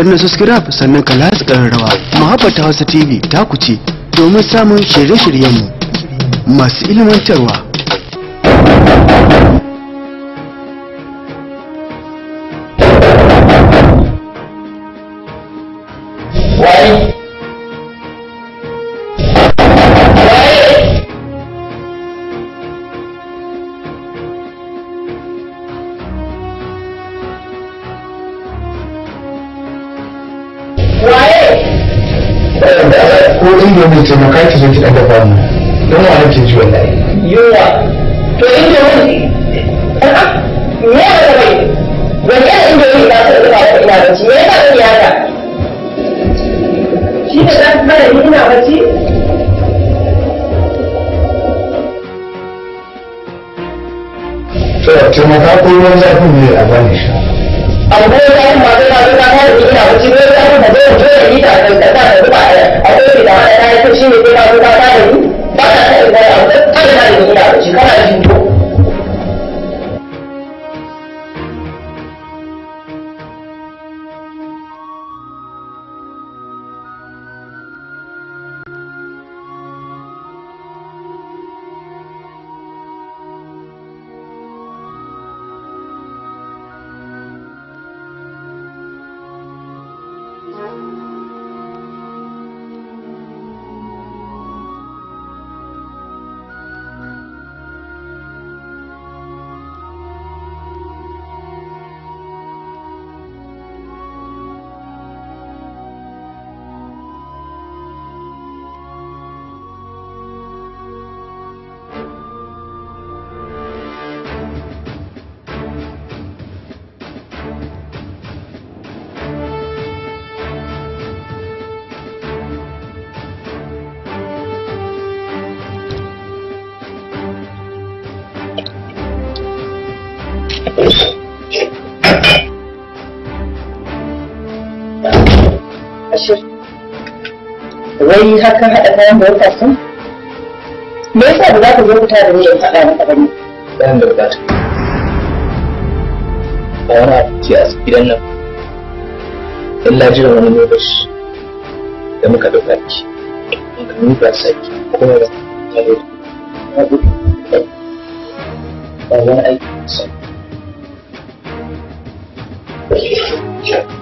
na subscribe sannan ka latsa ƙararrawa mahabbata wasu tv ta kuce domin samun shirye-shiryenmu masu ilmantarwa indomi ce maka ki zo ki dan dafa mu don wa nake ji wallahi yawa to in a'a yi ya da bai wani yana indomi ba ta ina da ina ya yi yasa yi haka shi da za ka yi ina bacci to taimaka ko ruwan zafi ne a bani shi. akwai kayan masu masu kamar da ina wuce ko ta kuma zo zo da ni da da da da ba akwai da da ya ce shi ne ta ta da ta ta da abu ta da ni da wuce kana ji ko wai haka haɗa kayan da wata sun me yasa da za zo fita da ni in faɗa maka bane bayan da bukata ba wani abu ce a gidan nan illa jiran wani lokaci da muka ɗauka ki da mun ba sa ki kuma ba ta da ba wani aiki sai Thank you.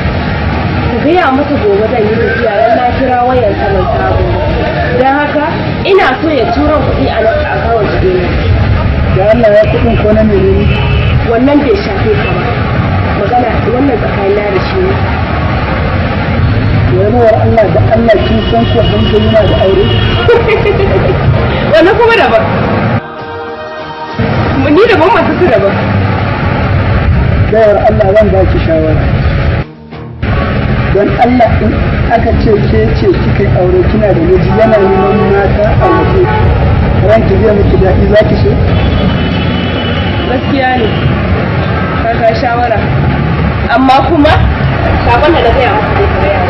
Ku gaya masa gobe zan yi tafiya don na kira wayar sa mai sabo don haka ina so ya tura kuɗi a nan a kawai jini da Allah ya kuɗin ko na mene wannan bai shafe ka ba magana wannan tsakanin na da shi ne yawar Allah da Allah kin san ko hankali na da aure wannan kuma daban ni da ban masu su daban yawar Allah zan ba ki shawara don Allah ɗin aka ce ke ce kika aure kina da miji yana neman mata a waje ranki zai miki daɗi za ki so gaskiya ne kaka shawara amma kuma sakon da na gaya maka ya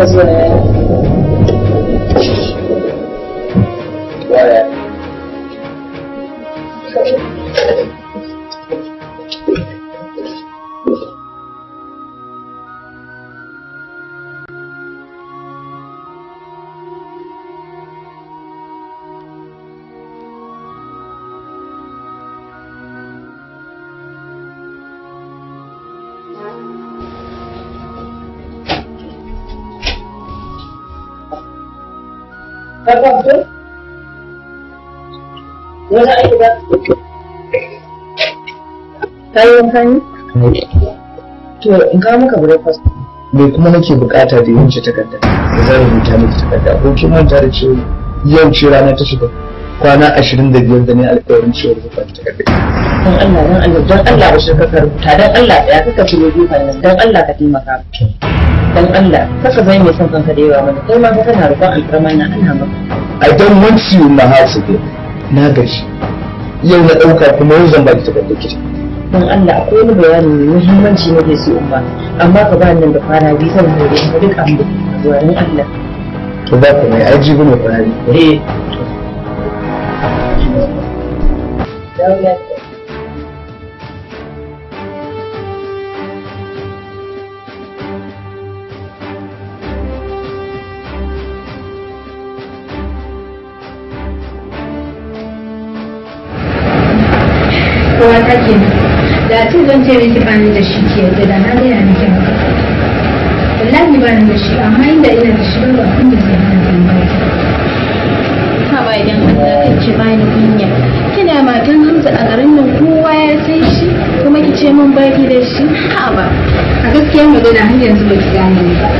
as well. wani ka yi wanka ne? to in ka maka breakfast me kuma nake bukata da yin ci takarda da zan rubuta miki takarda ko kin manta da cewa yau ce rana ta shiga kwana ashirin da biyar da ne alƙawarin cewa da zuwa takarda don Allah don Allah don Allah ba shi ka rubuta don Allah ya kaka ci ne dukan nan don Allah ka taimaka don Allah kaka zai mai son kanka da yawa mana kai ma kana roƙon alfarma na ana maka I don't want you in my house again. na gaji yau na ɗauka kuma yau zan baki takardar kitchen don Allah akwai wani bayani mai muhimmanci na ke in ba amma ka ba nan da kwana biyu zan hore ka duk an da zuwa ni Allah to ba ku mai aji gume kwana biyu eh kake da ce zan ce miki ba ni da shi ke yadda da na gaya miki haka wallahi ba ni da shi amma inda ina da shi ba kun da zai hana kan ba ha idan Allah kake ba ni kunya kina matan Hamza a garin nan kowa ya san shi kuma ki ce mun baki da shi ha ba a gaskiya magana har yanzu ba ki gane ba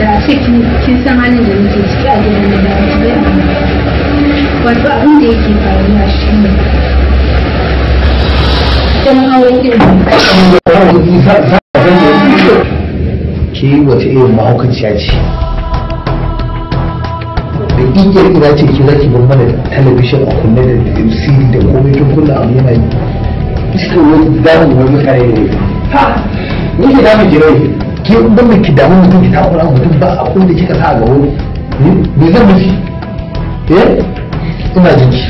da ce kin san halin da muke ciki a gidan da ba ki wato abin da yake faruwa shi ne zaman auren irin ke wata irin mahaukaciya ce da igiyar gida ce ki zaki ban mana talabishin a kunne da cd da komai tun kullum abu yana yi iska wani damun wani mutane da ha ni ke jira ne. Ki yi mai ki damun mutum ki takura mutum ba a kowane kika sa a gaba ne hmm? zan miki eh? ina jinki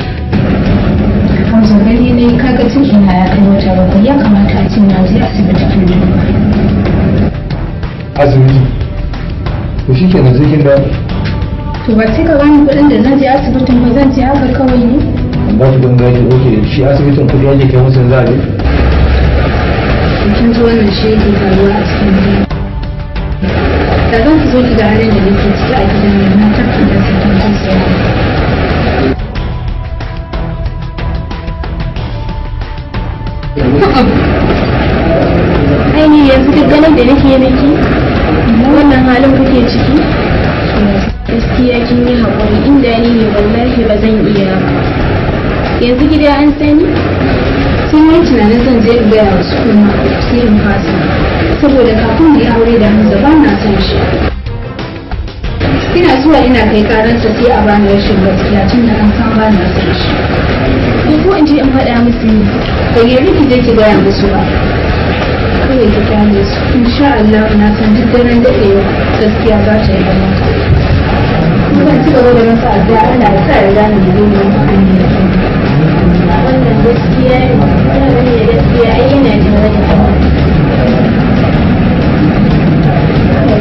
masa gari ne kaga tun ina ya kai wata bakwai ya kamata a ce na je asibiti tun da asibiti to shi kenan sai kin dawo to ba sai ka bani kuɗin da zan je asibitin ba zan je haka kawai ne ba ki don gani oke shi asibitin kuɗi ake kai musu za a je kin ji wannan shi yake faruwa a cikin gida da zan ki zo ki ga halin da nake ciki a gidan nan na tabbata sai kin ji aini yanzu duk ganin da nake miki wannan halin kuke ciki gaskiya kin yi haƙuri inda ni ne wallahi ba zan iya yanzu gida an sani sun yi tunanin zan je in su kuma sai fasa saboda kafin da yi aure da hanzu ba na son shi ina zuwa ina kai karanta sai a bani rashin gaskiya tun da an san bani rashin shi ko ko in je in faɗa musu ne bai yi riki je ki gaya musu ba kawai ki gane su insha Allah na san duk da daɗewa gaskiya ba ta yi ba Zan ci gaba da masa addu'a Allah ya sa ya gane da zai yi amfani wannan gaskiya ne wannan ne gaskiya ai yana da wani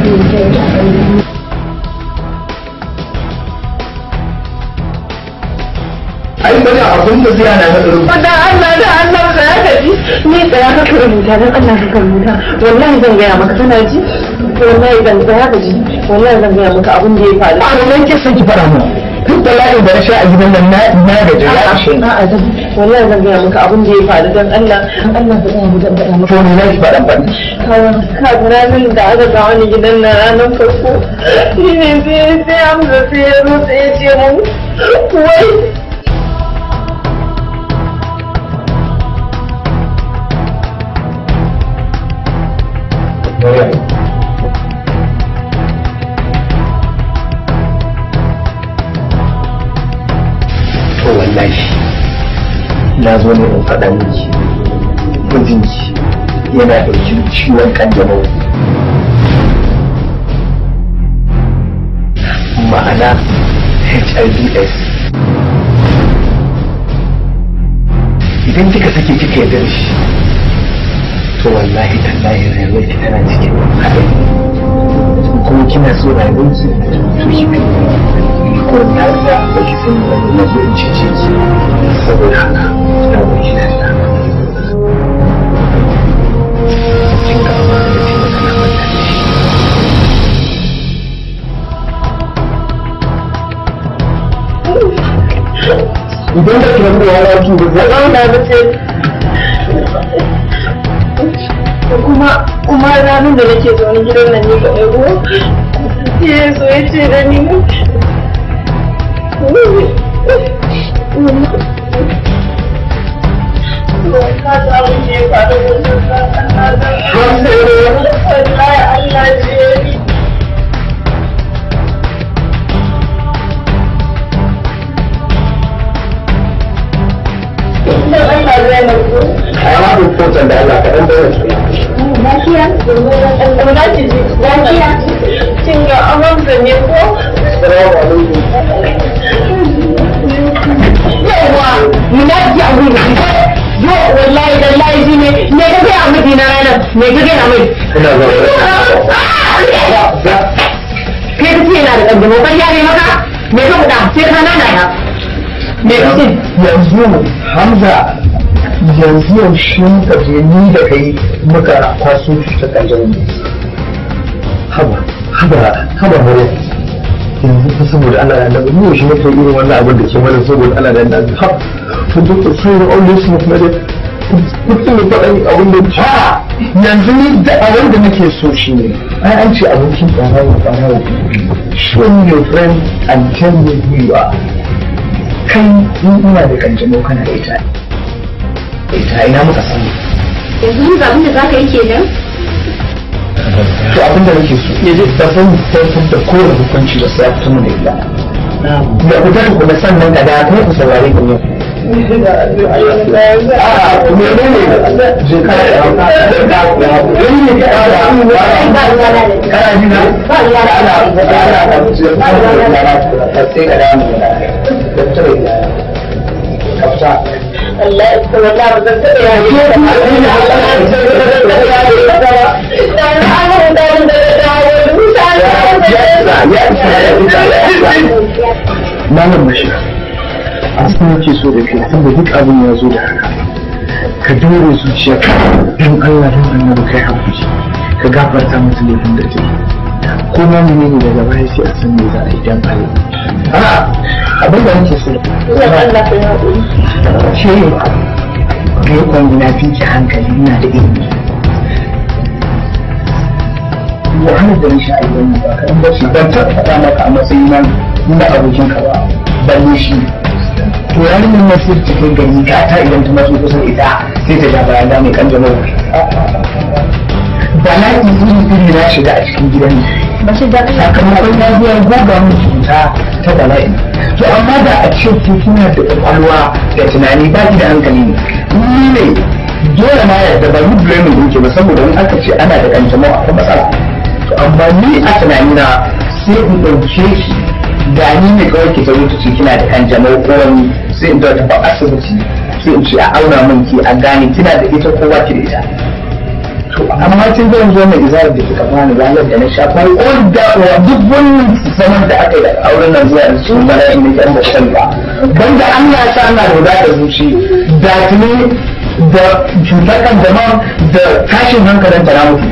Thank you. ai bari abin da zai ana hada rubuta da Allah da Allah ka ya kaji ni tsaya ka ka rubuta dan Allah ka rubuta wallahi zan gaya maka kana ji wallahi zan tsaya ka ji wallahi zan gaya maka abin da ya faru a nan ke sai ki fara mu duk bala'in da na a gidan nan na na da jira shi a'a zan wallahi zan gaya maka abin da ya faru dan Allah Allah ka tsaya mu dan maka to ne zan faɗa faɗa ka ga ranar da aka ga wani gidan nan ranar farko ni ne sai sai amsa sai ya zo ya ce mun. wai na zo ne in faɗa miki mijinki yana da ciwon kanjamau ma'ana hivs idan kika sake kika yarda da shi to wallahi tallahi rayuwar ki tana cikin haɗari kuma kina so rayuwar ki to ki bi ko na ga ba ki san wani na zo in cece ki saboda haka idan da ke ya ki da na kuma kuma ranar da nake zaune gidan nan ne ga ɗago ya so ya ce da ni Allah ya Allah ya wannan da Allah kaɗan da wannan lafiya lafiya cin ga ko a wallahi dan ne me ka gaya miji na ranar me ka gaya mai ina zo ah, ke ka ce yana da kaddamo kan yare maka me ka faɗa sai ka nana ya me ka ce yanzu hamza yanzu yaushe muka je ni da kai muka kwaso cutar kanjamu haba haba haba mare yanzu fa saboda ana ya annabi ni yaushe muka yi irin wannan abin da ke mana saboda Allah ya annabi ha to duk sai always mu kuma mutum ya faɗa abin da ha yanzu ni da abin da nake so shi ne ai an ce abokin ɓarawo ɓarawo show me your friend and tell me who you are kai in ina da kanjamau kana da ita muka ta ina muka sani. yanzu mun da za ka yi to abin da nake so yanzu da ban fitar da kowane hukunci da sai fito da illa da ku ta kuma sannan ka da kai ku saurare ku ne a kuma ne ne je ka da ne Malam Bashir, a ce so da kai tunda duk abin ya zo da haka. Ka dore zuciya don Allah don annabi kai hakuri ka gafarta musu laifin da take. ko ma mene ne daga baya sai a san me za a yi dan a yi abin da nake so shi ne ya kwangu na fi hankali na da ilimi wahalar da nisha a yi wani ba kaɗan ba ce maka a matsayin nan abokin abokinka ba balle shi to yarinyar na sai cikin gari ta idan ta matso kusan ita sai ta ja bayan da mai kan jama'a bala'i iri iri na shiga a cikin gidan sakamakon na biya goga mu cuta ta bala'i to amma da a ce ku kuna da kwakwalwa da tunani ba ki da hankali ne ni ne dole na yarda ba ni blaming ɗin ba saboda in aka ce ana da kanjamau akwai matsala to amma ni a tunanina sai in ɗauke shi da ni ne kawai ki ta mutu kina da kanjamau ko wani sai in ta ba asibiti sai in ce a auna min ki a gane kina da ita ko ki da ita amma tun zai zo mai izar da kika bani ranar da na sha ko da duk wani zaman da aka yi auren nan zuwa yanzu ba na yin yan shan ba banda an ya sa roda da zuci da tuni da cutar kan da da tashin hankalin ta na mutu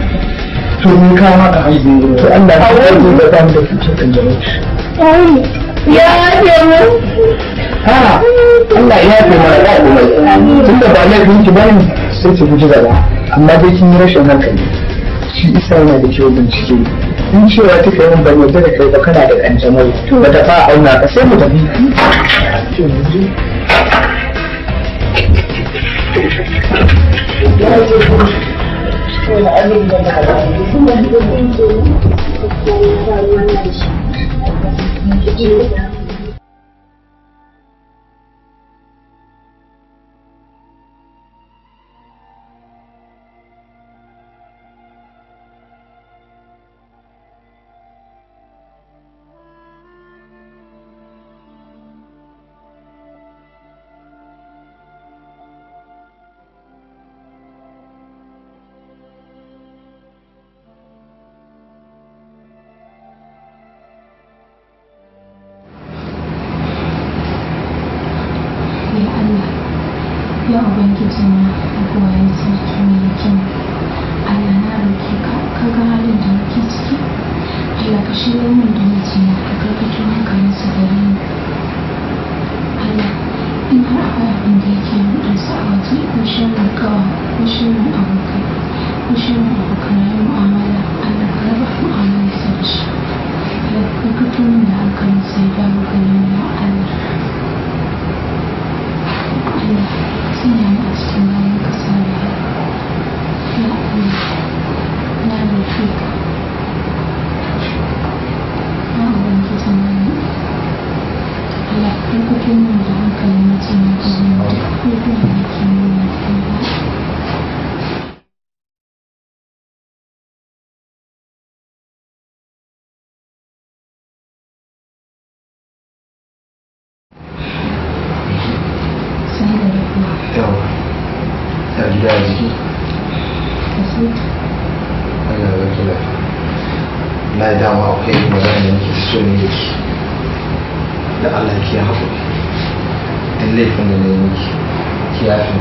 to ni ka maka ne. to Allah ya yi da ta mutu cutar kan da mutu ya ya mu ha Allah ya yi mana da mu tunda ba laifin ki bane sai ki guji gaba amma dai kin yi rashin hankali shi isa yana da kyau bincike in cewa kika yin ban yadda da kai ba kana da kanjamau ba ta fa auna ka sai mu tafi Thank you. yawa ta gida a jiki Allah ya kila na yi dama akwai yin magana da nake so ne yake da Allah ki ya haƙuri duk laifin da na yi ki ya fi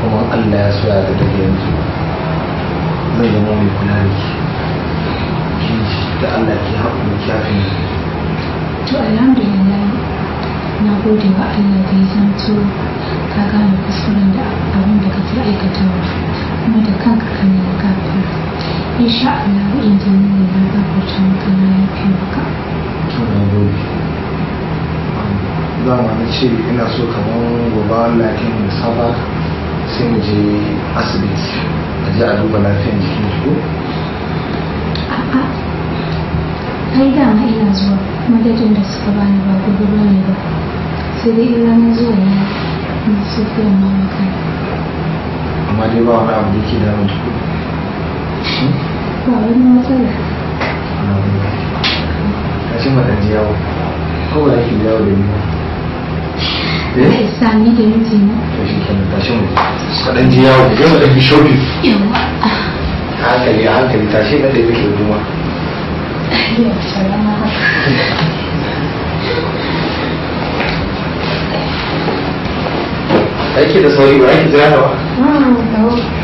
kuma Allah ya soya da daga yanzu zai zama mai kula da ki ki da Allah ki haƙuri ki ya fi to alhamdulillah gode wa Allah da ya zanto ka gane kuskuren da abin da aikata aikatawa kuma da kanka ka nemi In sha Allah in ji ne na gafarta maka na yafe maka dama na ce ina so kamar gobe Allah kin da saba sai mu je asibiti a je a duba lafiyar jikin ko a'a kai dama ina zuwa madadin da suka bani ba gobe ne ba sai amma dai ba wani abu da ke da mutu ba wani matsala ka ce yawo ko ba yake yawo da yiwa eh da miji ne shi kenan yawo da yawa da ki shobi yawa hankali hankali tashi da da yake ruwa yawa aiki da sauri ba aiki jira ba ah,